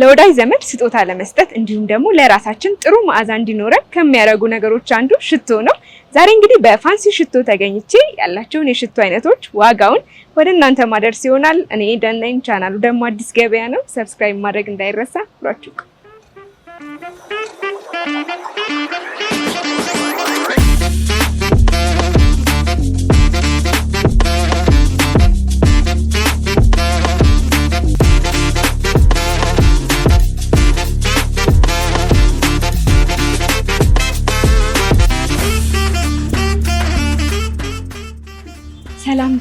ለወዳጅ ዘመድ ስጦታ ለመስጠት እንዲሁም ደግሞ ለራሳችን ጥሩ መዓዛ እንዲኖረን ከሚያደርጉ ነገሮች አንዱ ሽቶ ነው። ዛሬ እንግዲህ በፋንሲ ሽቶ ተገኝቼ ያላቸውን የሽቶ አይነቶች፣ ዋጋውን ወደ እናንተ ማደርስ ይሆናል። እኔ ደናይን፣ ቻናሉ ደግሞ አዲስ ገበያ ነው። ሰብስክራይብ ማድረግ እንዳይረሳ ብሏችሁ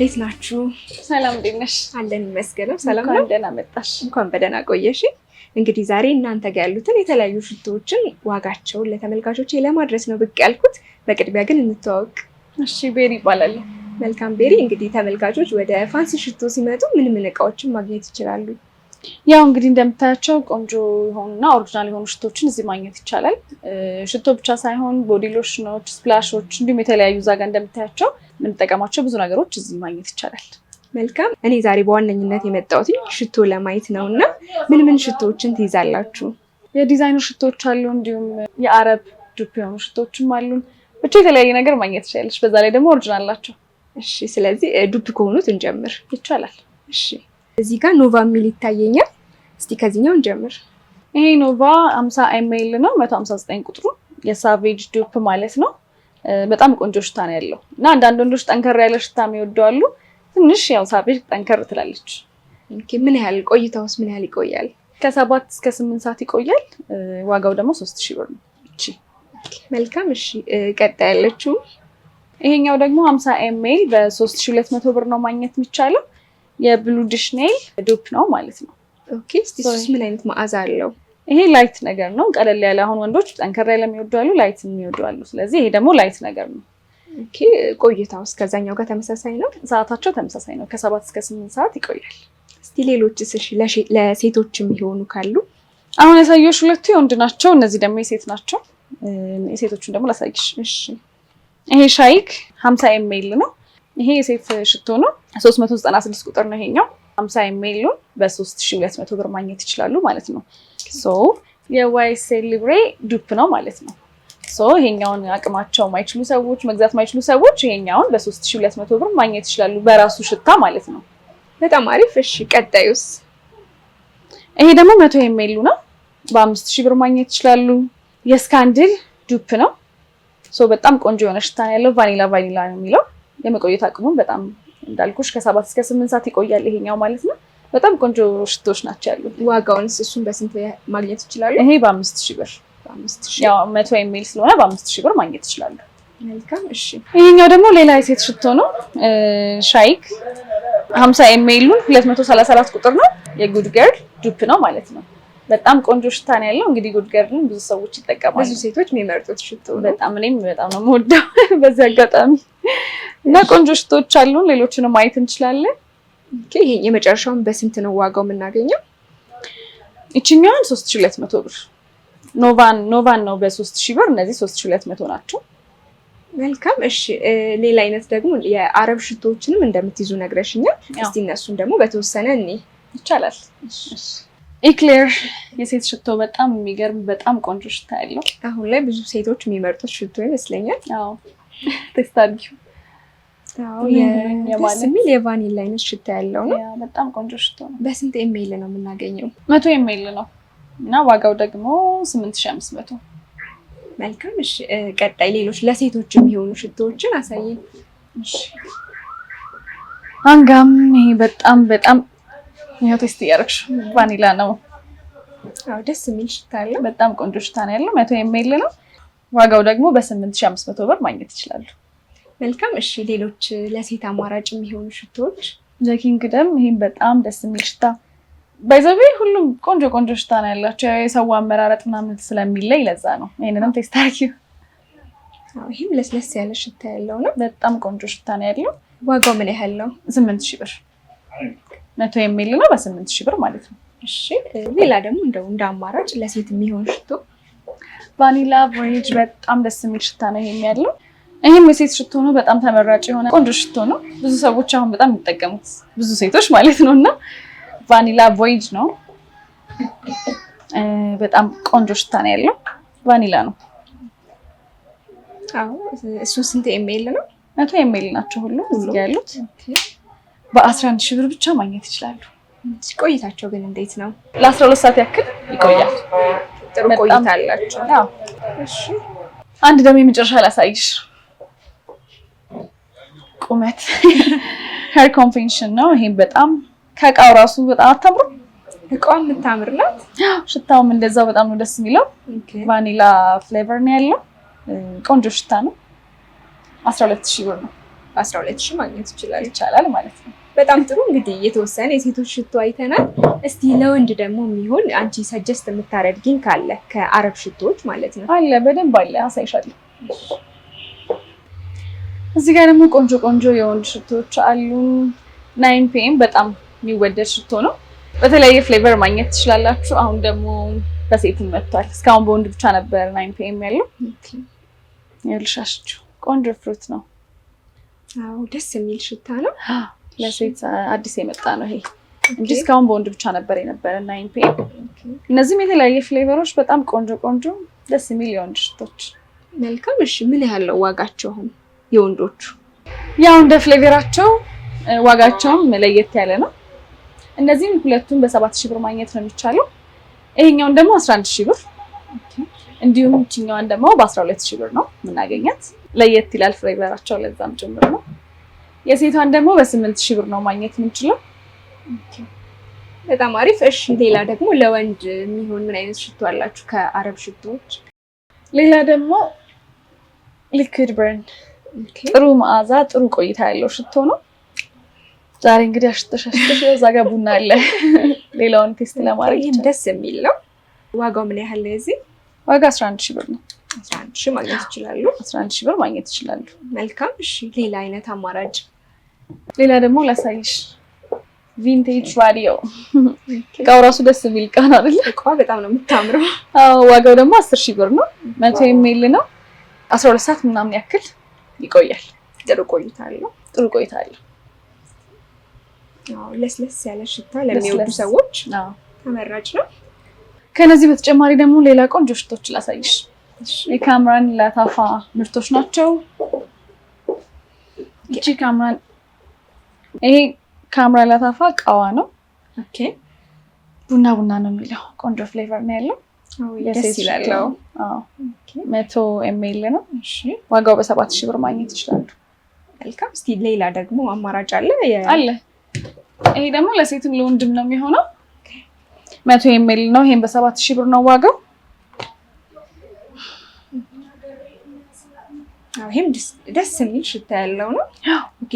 እንዴት ናችሁ? ሰላም፣ እንዴት ነሽ? አለን ይመስገነው። ሰላም ነው። ደህና መጣሽ። እንኳን በደህና ቆየሽ። እንግዲህ ዛሬ እናንተ ጋር ያሉትን የተለያዩ ሽቶዎችን ዋጋቸውን ለተመልካቾች ለማድረስ ነው ብቅ ያልኩት። በቅድሚያ ግን እንተዋወቅ። እሺ፣ ቤሪ ይባላል። መልካም ቤሪ። እንግዲህ ተመልካቾች ወደ ፋንሲ ሽቶ ሲመጡ ምን ምን እቃዎችን ማግኘት ይችላሉ? ያው እንግዲህ እንደምታያቸው ቆንጆ የሆኑና ኦሪጂናል የሆኑ ሽቶችን እዚህ ማግኘት ይቻላል። ሽቶ ብቻ ሳይሆን ቦዲ ሎሽኖች፣ ስፕላሾች እንዲሁም የተለያዩ ዛጋ እንደምታያቸው የምንጠቀማቸው ብዙ ነገሮች እዚህ ማግኘት ይቻላል። መልካም። እኔ ዛሬ በዋነኝነት የመጣሁት ሽቶ ለማየት ነው እና ምን ምን ሽቶዎችን ትይዛላችሁ? የዲዛይነር ሽቶዎች አሉ፣ እንዲሁም የአረብ ዱፕ የሆኑ ሽቶዎችም አሉ። ብቻ የተለያየ ነገር ማግኘት ትችላለች። በዛ ላይ ደግሞ ኦሪጅናል ናቸው። እሺ፣ ስለዚህ ዱፕ ከሆኑት እንጀምር ይቻላል። እሺ፣ እዚህ ጋር ኖቫ የሚል ይታየኛል። እስቲ ከዚህኛው እንጀምር። ይሄ ኖቫ 50 ኤም ኤል ነው፣ 159 ቁጥሩ የሳቬጅ ዱፕ ማለት ነው። በጣም ቆንጆ ሽታ ነው ያለው እና አንዳንድ ወንዶች ጠንከር ያለ ሽታ የሚወዱ አሉ። ትንሽ ያው ሳቤ ጠንከር ትላለች። ምን ያህል ቆይታውስ ምን ያህል ይቆያል? ከሰባት እስከ ስምንት ሰዓት ይቆያል። ዋጋው ደግሞ ሶስት ሺህ ብር ነው። እቺ መልካም። እሺ ቀጣ ያለችው ይሄኛው ደግሞ ሀምሳ ኤምኤል በሶስት ሺህ ሁለት መቶ ብር ነው ማግኘት የሚቻለው። የብሉ ዲሽ ኔል ዶፕ ነው ማለት ነው። ኦኬ። ምን አይነት መዓዛ አለው? ይሄ ላይት ነገር ነው፣ ቀለል ያለ አሁን ወንዶች ጠንከር ያለ የሚወዱ አሉ፣ ላይት የሚወዱ አሉ። ስለዚህ ይሄ ደግሞ ላይት ነገር ነው። ቆይታው እስከዛኛው ጋር ተመሳሳይ ነው። ሰዓታቸው ተመሳሳይ ነው። ከሰባት እስከ ስምንት ሰዓት ይቆያል። እስቲ ስሽ ለሴቶች የሚሆኑ ካሉ አሁን ያሳየሽ ሁለቱ የወንድ ናቸው፣ እነዚህ ደግሞ የሴት ናቸው። የሴቶቹን ደግሞ ላሳይሽ። እሺ ይሄ ሻይክ ሀምሳ ኤምኤል ነው። ይሄ የሴት ሽቶ ነው። ስድስት ቁጥር ነው ይሄኛው። በሶስት ሺ ሁለት መቶ ብር ማግኘት ይችላሉ ማለት ነው። ሶ የዋይሴል ሊብሬ ዱፕ ነው ማለት ነው። ሶ ይሄኛውን አቅማቸው ማይችሉ ሰዎች መግዛት ማይችሉ ሰዎች ይሄኛውን በ3200 ብር ማግኘት ይችላሉ። በራሱ ሽታ ማለት ነው። በጣም አሪፍ። እሺ ቀጣዩስ? ይሄ ደግሞ መቶ የሚሉ ነው። በአምስት ሺህ ብር ማግኘት ይችላሉ። የስካንድል ዱፕ ነው። ሶ በጣም ቆንጆ የሆነ ሽታ ነው ያለው። ቫኒላ ቫኒላ ነው የሚለው። የመቆየት አቅሙም በጣም እንዳልኩሽ ከሰባት እስከ ስምንት ሰዓት ይቆያል ይሄኛው ማለት ነው። በጣም ቆንጆ ሽቶች ናቸው ያሉ። ዋጋውን እሱን በስንት ማግኘት ይችላሉ? ይሄ በአምስት ሺህ ብር መቶ የሚል ስለሆነ በአምስት ሺህ ብር ማግኘት ይችላሉ። ይህኛው ደግሞ ሌላ የሴት ሽቶ ነው። ሻይክ ሀምሳ የሚሉን ሁለት መቶ ሰላሳ አራት ቁጥር ነው። የጉድ ገርል ዱፕ ነው ማለት ነው። በጣም ቆንጆ ሽታ ነው ያለው። እንግዲህ ጉድ ገርልን ብዙ ሰዎች ይጠቀማሉ። ብዙ ሴቶች የሚመርጡት ሽቶ በጣም እኔም በጣም ነው የምወደው በዚህ አጋጣሚ እና ቆንጆ ሽቶች አሉን። ሌሎችንም ማየት እንችላለን። ይሄ የመጨረሻውን በስንት ነው ዋጋው የምናገኘው? ይችኛዋን መቶ ብር ኖቫን ኖቫን ነው በሶስት ሺ ብር። እነዚህ መቶ ናቸው። መልካም እሺ። ሌላ አይነት ደግሞ የአረብ ሽቶዎችንም እንደምትይዙ ነግረሽኛል። እስቲ እነሱን ደግሞ በተወሰነ እኔ ይቻላል። ኢክሌር የሴት ሽቶ በጣም የሚገርም በጣም ቆንጆ ሽታ ያለው አሁን ላይ ብዙ ሴቶች የሚመርጡት ሽቶ ይመስለኛል። አዎ አድርጊው የሚል የቫኒላ አይነት ሽታ ያለው ነው። በጣም ቆንጆ ሽታ ነው። በስንት ኤሜል ነው የምናገኘው? መቶ ኤሜል ነው እና ዋጋው ደግሞ ስምንት ሺህ አምስት መቶ መልካም። እሺ ቀጣይ ሌሎች ለሴቶች የሚሆኑ ሽቶዎችን አሳየን። አንጋም ይሄ በጣም በጣም ይኸው ቴስት እያደረግሽ ቫኒላ ነው። አዎ ደስ የሚል ሽታ አለው። በጣም ቆንጆ ሽታ ነው ያለው። መቶ ኤሜል ነው። ዋጋው ደግሞ በስምንት ሺህ አምስት መቶ ብር ማግኘት ይችላሉ። መልካም። እሺ፣ ሌሎች ለሴት አማራጭ የሚሆኑ ሽቶዎች ዘኪንግደም። ይህም በጣም ደስ የሚል ሽታ ባይዘቤ ሁሉም ቆንጆ ቆንጆ ሽታ ነው ያላቸው። የሰው አመራረጥ ምናምን ስለሚለይ ለዛ ነው። ይህንንም ቴስት አድርጊው። ይህም ለስለስ ያለ ሽታ ያለው ነው። በጣም ቆንጆ ሽታ ነው ያለው። ዋጋው ምን ያህል ነው? ስምንት ሺህ ብር መቶ የሚል ነው። በስምንት ሺህ ብር ማለት ነው። እሺ፣ ሌላ ደግሞ እንደው እንደ አማራጭ ለሴት የሚሆን ሽቶ ቫኒላ ቮኔጅ በጣም ደስ የሚል ሽታ ነው ይሄም ያለው ይህም የሴት ሽቶ ነው። በጣም ተመራጭ የሆነ ቆንጆ ሽቶ ነው። ብዙ ሰዎች አሁን በጣም የሚጠቀሙት ብዙ ሴቶች ማለት ነው። እና ቫኒላ ቮይጅ ነው። በጣም ቆንጆ ሽታ ነው ያለው። ቫኒላ ነው እሱ። ስንት ኤሜል ነው? መቶ ኤሜል ናቸው ሁሉ እዚህ ያሉት። በአስራ አንድ ሺህ ብር ብቻ ማግኘት ይችላሉ። ቆይታቸው ግን እንዴት ነው? ለአስራ ሁለት ሰዓት ያክል ይቆያል። ጥሩ ቆይታ አላቸው። አንድ ደግሞ የመጨረሻ ላሳይሽ ቁመት ሄር ኮንቬንሽን ነው። ይሄም በጣም ከእቃው ራሱ በጣም አታምሩ የምታምር የምታምርላት ሽታውም እንደዛው በጣም ነው ደስ የሚለው። ቫኒላ ፍሌቨር ነው ያለው። ቆንጆ ሽታ ነው። 12000 ብር ነው። 12000 ማግኘት ይችላል ይቻላል ማለት ነው። በጣም ጥሩ እንግዲህ የተወሰነ የሴቶች ሽቶ አይተናል። እስቲ ለወንድ ደግሞ የሚሆን አንቺ ሰጀስት የምታረድጊኝ ካለ ከአረብ ሽቶዎች ማለት ነው አለ በደንብ አለ አሳይሻለሁ። እዚህ ጋር ደግሞ ቆንጆ ቆንጆ የወንድ ሽቶዎች አሉ። ናይን ፒኤም በጣም የሚወደድ ሽቶ ነው። በተለያየ ፍሌቨር ማግኘት ትችላላችሁ። አሁን ደግሞ በሴትም መጥቷል። እስካሁን በወንድ ብቻ ነበር ናይን ፒኤም ያለው። ልሻሽችው ቆንጆ ፍሩት ነው። አዎ ደስ የሚል ሽታ ነው። ለሴት አዲስ የመጣ ነው ይሄ እንጂ እስካሁን በወንድ ብቻ ነበር የነበረ ናይን ፒኤም። እነዚህም የተለያየ ፍሌቨሮች በጣም ቆንጆ ቆንጆ ደስ የሚል የወንድ ሽቶች። መልካም። እሺ ምን ያህል ዋጋቸው አሁን? የወንዶቹ ያው እንደ ፍሌቨራቸው ዋጋቸውም ለየት ያለ ነው። እነዚህም ሁለቱም በሰባት ሺህ ብር ማግኘት ነው የሚቻለው። ይሄኛውን ደግሞ 11 ሺህ ብር እንዲሁም ይችኛዋን ደግሞ በ12 ሺህ ብር ነው የምናገኛት። ለየት ይላል ፍሌቨራቸው ለዛም ጭምር ነው። የሴቷን ደግሞ በስምንት ሺህ ብር ነው ማግኘት የምንችለው። በጣም አሪፍ። እሺ ሌላ ደግሞ ለወንድ የሚሆን ምን አይነት ሽቶ አላችሁ? ከአረብ ሽቶዎች ሌላ ደግሞ ሊኩድ በርን ጥሩ መዓዛ ጥሩ ቆይታ ያለው ሽቶ ነው። ዛሬ እንግዲህ አሽተሽ አሽተሽ እዛ ጋር ቡና አለ ሌላውን ቴስት ለማድረግ ይህም ደስ የሚል ነው። ዋጋው ምን ያህል ነው? የዚህ ዋጋ 11 ሺህ ብር ነው። 11 ሺህ ማግኘት ይችላሉ። አስራ ሺህ ብር ማግኘት ይችላሉ። መልካም። እሺ ሌላ አይነት አማራጭ ሌላ ደግሞ ላሳይሽ ቪንቴጅ ቫዲዮ እቃው ራሱ ደስ የሚል ቃን አይደለ? በጣም ነው የምታምረው። ዋጋው ደግሞ 10 ሺህ ብር ነው። መቶ የሚል ነው። አስራ ሁለት ሰዓት ምናምን ያክል ይቆያል። ጥሩ ቆይታ አለው። ጥሩ ቆይታ አለው። ለስለስ ያለ ሽታ ለሚወዱ ሰዎች ተመራጭ ነው። ከነዚህ በተጨማሪ ደግሞ ሌላ ቆንጆ ሽቶች ላሳይሽ። የካምራን ላታፋ ምርቶች ናቸው። እቺ ካምራን ይሄ ካምራን ላታፋ ቃዋ ነው። ቡና ቡና ነው የሚለው ቆንጆ ፍሌቨር ነው ያለው። ደስ ይላል። መቶ ኤምኤል ነው ዋጋው በሰባት ሺህ ብር ማግኘት ይችላሉ። መልካም። እስኪ ሌላ ደግሞ አማራጭ አለ አለ። ይሄ ደግሞ ለሴትም ለወንድም ነው የሚሆነው። መቶ ኤምኤል ነው። ይሄም በሰባት ሺህ ብር ነው ዋጋው። ይሄም ደስ የሚል ሽታ ያለው ነው።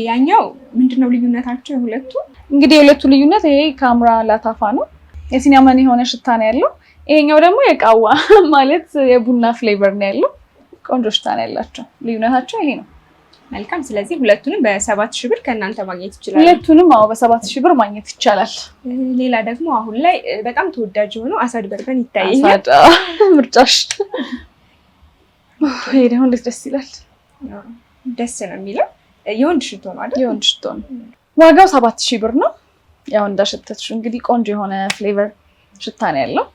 ያኛው ምንድን ነው ልዩነታቸው? የሁለቱ እንግዲህ የሁለቱ ልዩነት ይሄ ካምራ ላታፋ ነው። የሲኒያመን የሆነ ሽታ ነው ያለው። ይሄኛው ደግሞ የቃዋ ማለት የቡና ፍሌቨር ነው ያለው። ቆንጆ ሽታ ነው ያላቸው። ልዩነታቸው ይሄ ነው። መልካም። ስለዚህ ሁለቱንም በሰባት ሺህ ብር ከእናንተ ማግኘት ይችላል። ሁለቱንም አዎ፣ በሰባት ሺህ ብር ማግኘት ይቻላል። ሌላ ደግሞ አሁን ላይ በጣም ተወዳጅ የሆነው አሳድ በርበን ይታየኛል። ምርጫሽ። ይሄ ደግሞ እንዴት ደስ ይላል! ደስ ነው የሚለው። የወንድ ሽቶ ነው አይደል? የወንድ ሽቶ ነው። ዋጋው ሰባት ሺህ ብር ነው። ያው እንዳሸተትሽ እንግዲህ ቆንጆ የሆነ ፍሌቨር ሽታ ነው ያለው።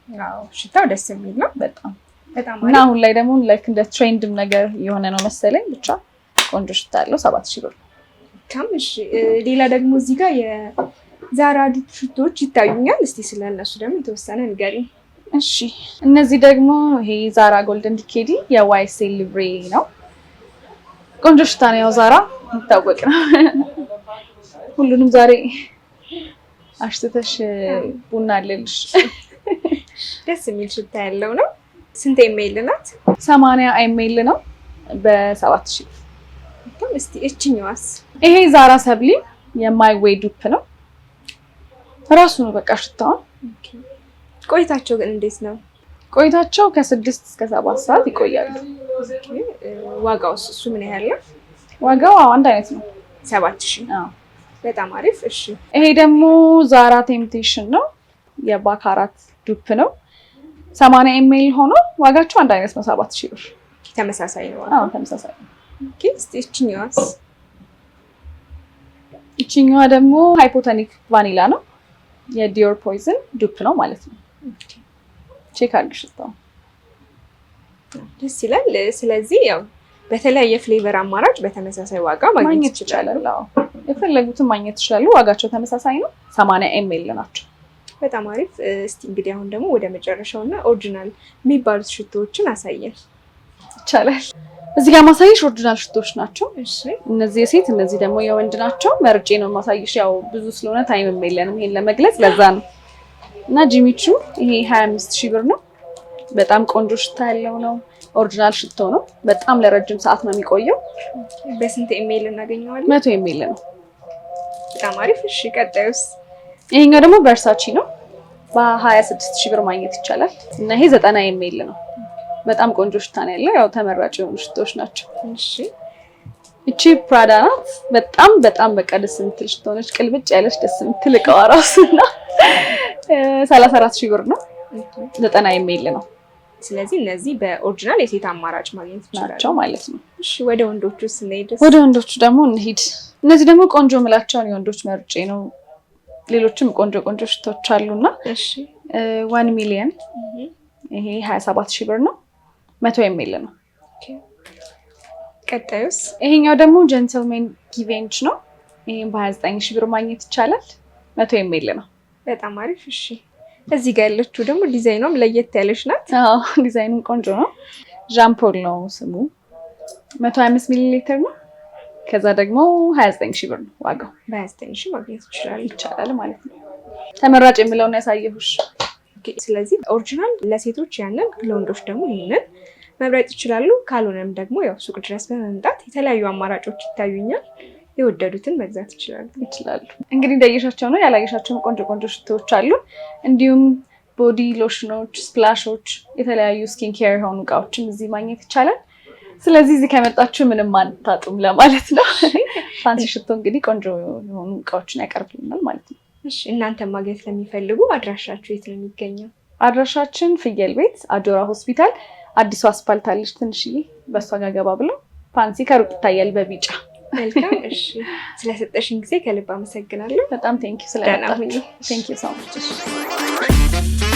ሽታው ደስ የሚል ነው በጣም እና አሁን ላይ ደግሞ ላይክ እንደ ትሬንድም ነገር የሆነ ነው መሰለኝ። ብቻ ቆንጆ ሽታ ያለው ሰባት ሺህ ብር ሌላ ደግሞ እዚህ ጋር የዛራ ዱት ሽቶዎች ይታዩኛል። እስቲ እነሱ ደግሞ የተወሰነ ንገሪ። እሺ እነዚህ ደግሞ ይሄ ዛራ ጎልደን ዲኬዲ የዋይሴ ሊብሬ ነው። ቆንጆ ሽታ ነው ያው ዛራ ይታወቅ ነው ሁሉንም ዛሬ አሽትተሽ ቡና አለልሽ። ደስ የሚል ሽታ ያለው ነው። ስንት ኤሜል ናት? ሰማንያ ኤሜል ነው በሰባት ሺ እስቲ እችኛዋስ? ይሄ ዛራ ሰብሊ የማይዌይ ዱፕ ነው። ራሱ ነው በቃ ሽታውን። ቆይታቸው ግን እንዴት ነው? ቆይታቸው ከስድስት እስከ ሰባት ሰዓት ይቆያሉ። ዋጋው እሱ ምን ያህል ነው? ዋጋው አንድ አይነት ነው ሰባት ሺ በጣም አሪፍ። እሺ ይሄ ደግሞ ዛራ ቴምፕቴሽን ነው። የባካራት ዱፕ ነው። ሰማንያ ኤምኤል ሆኖ ዋጋቸው አንድ አይነት ነው። ሰባት ሺህ ብር ተመሳሳይ ነው። ተመሳሳይ ነው። ኦኬ ደግሞ ሃይፖተኒክ ቫኒላ ነው። የዲዮር ፖይዝን ዱፕ ነው ማለት ነው። ቼክ አድርግሽ ስታው ደስ ይላል። ስለዚህ ያው በተለያየ ፍሌቨር አማራጭ በተመሳሳይ ዋጋ ማግኘት ይችላል። የፈለጉትን ማግኘት ይችላሉ። ዋጋቸው ተመሳሳይ ነው። ሰማንያ ኤም ኤል ናቸው። በጣም አሪፍ። እስቲ እንግዲህ አሁን ደግሞ ወደ መጨረሻው እና ኦሪጂናል የሚባሉት ሽቶዎችን አሳየን ይቻላል። እዚህ ጋር ማሳየሽ ኦሪጂናል ሽቶዎች ናቸው። እነዚህ የሴት እነዚህ ደግሞ የወንድ ናቸው። መርጬ ነው ማሳየሽ። ያው ብዙ ስለሆነ ታይምም የለንም ይሄን ለመግለጽ ለዛ ነው እና ጂሚቹ ይሄ ሀያ አምስት ሺህ ብር ነው። በጣም ቆንጆ ሽታ ያለው ነው። ኦሪጂናል ሽቶ ነው። በጣም ለረጅም ሰዓት ነው የሚቆየው። በስንት ኤሜል እናገኘዋለን? መቶ ኤሜል ነው። በጣም አሪፍ። እሺ ቀጣዩስ? ይሄኛው ደግሞ በእርሳቺ ነው። በ ስድስት ሺህ ብር ማግኘት ይቻላል እና ይሄ ዘጠና የሚል ነው። በጣም ቆንጆ ሽታ ነው ያለው። ያው ተመራጭ የሆኑ ሽቶች ናቸው። እሺ እቺ ፕራዳ ናት። በጣም በጣም በቃ ደስ የምትል ሽቶ ነች። ቅልብጭ ያለች ደስ የምትል እቃዋ ራሱ እና ሰላሳ ሺህ ብር ነው። ዘጠና የሚል ነው። ስለዚህ እነዚህ በኦሪጂናል የሴት አማራጭ ማግኘት ይችላል ማለት ነው። እሺ ወደ ወንዶቹ ስንሄድ ወደ ወንዶቹ ደግሞ እንሂድ። እነዚህ ደግሞ ቆንጆ ምላቸውን የወንዶች መርጬ ነው። ሌሎችም ቆንጆ ቆንጆ ሽቶች አሉና ዋን ሚሊየን ይሄ ሀያ ሰባት ሺህ ብር ነው። መቶ የሚል ነው። ቀጣዩስ ይሄኛው ደግሞ ጀንትልሜን ጊቬንች ነው። ይህም በሀያ ዘጠኝ ሺህ ብር ማግኘት ይቻላል። መቶ የሚል ነው። በጣም አሪፍ። እሺ እዚህ ጋር ያለችው ደግሞ ዲዛይኗም ለየት ያለች ናት። ዲዛይኑም ቆንጆ ነው። ዣምፖል ነው ስሙ። መቶ ሀያ አምስት ሚሊ ሊትር ነው ከዛ ደግሞ 29 ሺህ ብር ነው ዋጋው። በ29 ሺህ ማግኘት ይችላል ይቻላል ማለት ነው። ተመራጭ የሚለውን ያሳየሁሽ። ስለዚህ ኦሪጂናል ለሴቶች ያንን ለወንዶች ደግሞ ይህንን መብረጥ ይችላሉ። ካልሆነም ደግሞ ያው ሱቅ ድረስ በመምጣት የተለያዩ አማራጮች ይታዩኛል። የወደዱትን መግዛት ይችላሉ ይችላሉ። እንግዲህ እንዳየሻቸው ነው። ያላየሻቸውም ቆንጆ ቆንጆ ሽቶዎች አሉ። እንዲሁም ቦዲ ሎሽኖች፣ ስፕላሾች፣ የተለያዩ ስኪን ኬር የሆኑ እቃዎችም እዚህ ማግኘት ይቻላል። ስለዚህ እዚህ ከመጣችሁ ምንም አንታጡም ለማለት ነው። ፋንሲ ሽቶ እንግዲህ ቆንጆ የሆኑ እቃዎችን ያቀርብልናል ማለት ነው። እሺ እናንተ ማግኘት ለሚፈልጉ አድራሻችሁ የት ነው የሚገኘው? አድራሻችን ፍየል ቤት አጆራ ሆስፒታል አዲሱ አስፋልት አለች ትንሽዬ፣ በእሷ ጋር ገባ ብለው ፋንሲ ከሩቅ ይታያል በቢጫ መልካም። እሺ ስለሰጠሽን ጊዜ ከልብ አመሰግናለሁ። በጣም ቴንኪው ስለመጣችሁ ቴንኪው ሰው